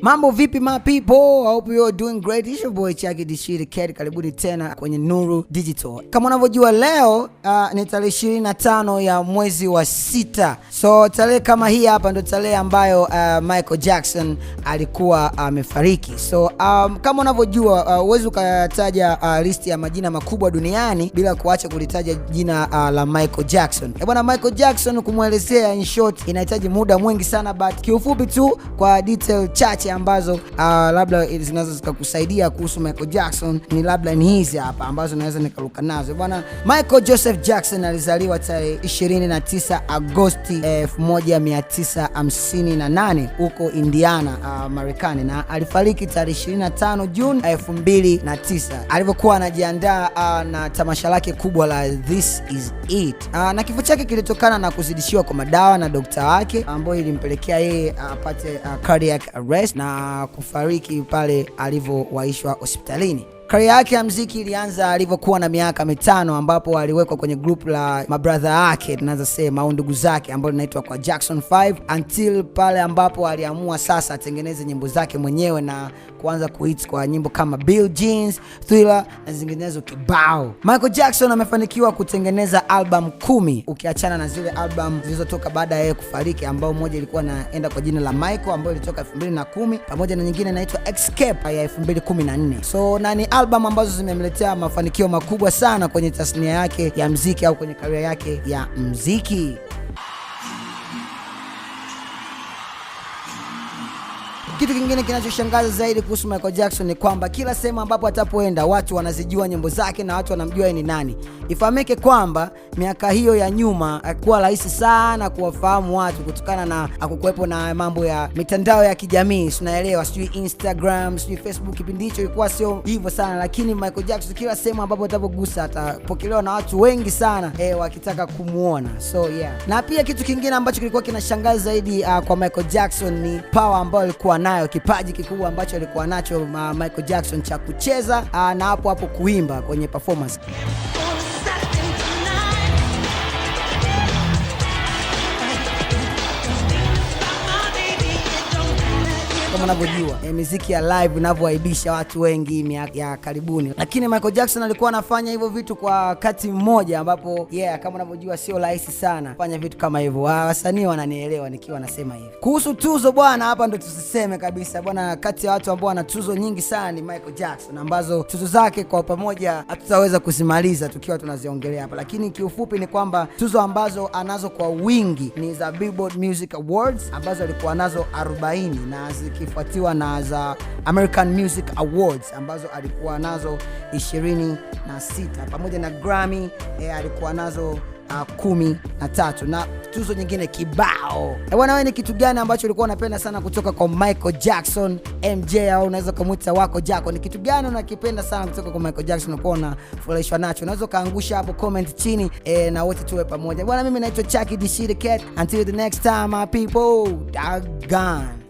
Mambo vipi my people? I hope you are doing great. It's your boy Chaki Dishiri Ked, karibuni tena kwenye Nuru Digital. Kama unavyojua leo uh, ni tarehe tano ya mwezi wa sita, so tarehe kama hii hapa ndo tarehe ambayo uh, Michael Jackson alikuwa amefariki. Uh, so um, kama unavyojua uh, huwezi uh, ukataja uh, listi ya majina makubwa duniani bila kuacha kulitaja jina uh, la Michael Jackson. Eh, bwana Michael Jackson kumwelezea in short inahitaji muda mwingi sana, but kiufupi tu kwa detail chat chache ambazo uh, labda zinaweza zikakusaidia kuhusu Michael Jackson ni labda ni hizi hapa ambazo naweza nikaruka nazo bwana. Michael Joseph Jackson alizaliwa tarehe 29 Agosti 1958 eh, huko Indiana, uh, Marekani na alifariki tarehe 25 Juni 2009 alivyokuwa anajiandaa uh, na tamasha lake kubwa la This Is It. Uh, na kifo chake kilitokana na kuzidishiwa kwa madawa na dokta wake ambayo ilimpelekea yeye apate uh, uh, cardiac arrest na kufariki pale alivyowaishwa hospitalini. Kari yake ya mziki ilianza alivyokuwa na miaka mitano ambapo aliwekwa kwenye group la mabradha yake tunaweza sema au ndugu zake ambao linaitwa kwa Jackson 5 until pale ambapo aliamua sasa atengeneze nyimbo zake mwenyewe na kuanza kuhits kwa nyimbo kama Bill Jeans, Thriller na zinginezo kibao. Michael Jackson amefanikiwa kutengeneza album kumi ukiachana na zile album zilizotoka baada ya yeye kufariki ambao moja ilikuwa naenda kwa jina la Michael ambayo ilitoka 2010 pamoja na nyingine inaitwa Escape ya 2014. So nani album ambazo zimemletea mafanikio makubwa sana kwenye tasnia yake ya mziki au kwenye karia yake ya mziki. Kitu kingine kinachoshangaza zaidi kuhusu Michael Jackson ni kwamba kila sehemu ambapo atapoenda watu wanazijua nyimbo zake na watu wanamjua ni nani. Ifahamike kwamba miaka hiyo ya nyuma haikuwa rahisi sana kuwafahamu watu kutokana na hakukuwepo na mambo ya mitandao ya kijamii, sinaelewa sijui Instagram, sijui Facebook, kipindi hicho ilikuwa sio hivyo sana, lakini Michael Jackson kila sehemu ambapo atapogusa atapokelewa na watu wengi sana eh, wakitaka kumuona. So yeah. Na pia kitu kingine ambacho kilikuwa kinashangaza zaidi uh, kwa Michael Jackson ni power ambayo alikuwa na nayo, kipaji kikubwa ambacho alikuwa nacho Michael Jackson cha kucheza ah, na hapo hapo kuimba kwenye performance. kama unavyojua e, miziki ya live inavyoaibisha watu wengi ya, ya karibuni, lakini Michael Jackson alikuwa anafanya hivyo vitu kwa wakati mmoja, ambapo yeah, kama unavyojua sio rahisi sana fanya vitu kama hivyo. Wasanii wananielewa nikiwa nasema hivi. Kuhusu tuzo bwana, hapa ndo tusiseme kabisa bwana, kati ya watu ambao wana tuzo nyingi sana ni Michael Jackson, ambazo tuzo zake kwa pamoja hatutaweza kuzimaliza tukiwa tunaziongelea hapa, lakini kiufupi ni kwamba tuzo ambazo anazo kwa wingi ni za Billboard Music Awards ambazo alikuwa nazo 40 na ziki ikifuatiwa na za American Music Awards ambazo alikuwa nazo 26 na pamoja na Grammy eh, alikuwa nazo uh, kumi na tatu na tuzo nyingine kibao. Eh, bwana, wewe ni kitu gani ambacho ulikuwa unapenda sana kutoka kwa Michael Jackson MJ, au unaweza kumwita wako Jacko? Ni kitu gani unakipenda sana kutoka kwa Michael Jackson, ulikuwa unafurahishwa nacho? Unaweza ukaangusha hapo comment chini e, na wote tuwe pamoja bwana. Mimi naitwa Chaki dishiriket until the next time my people, dagan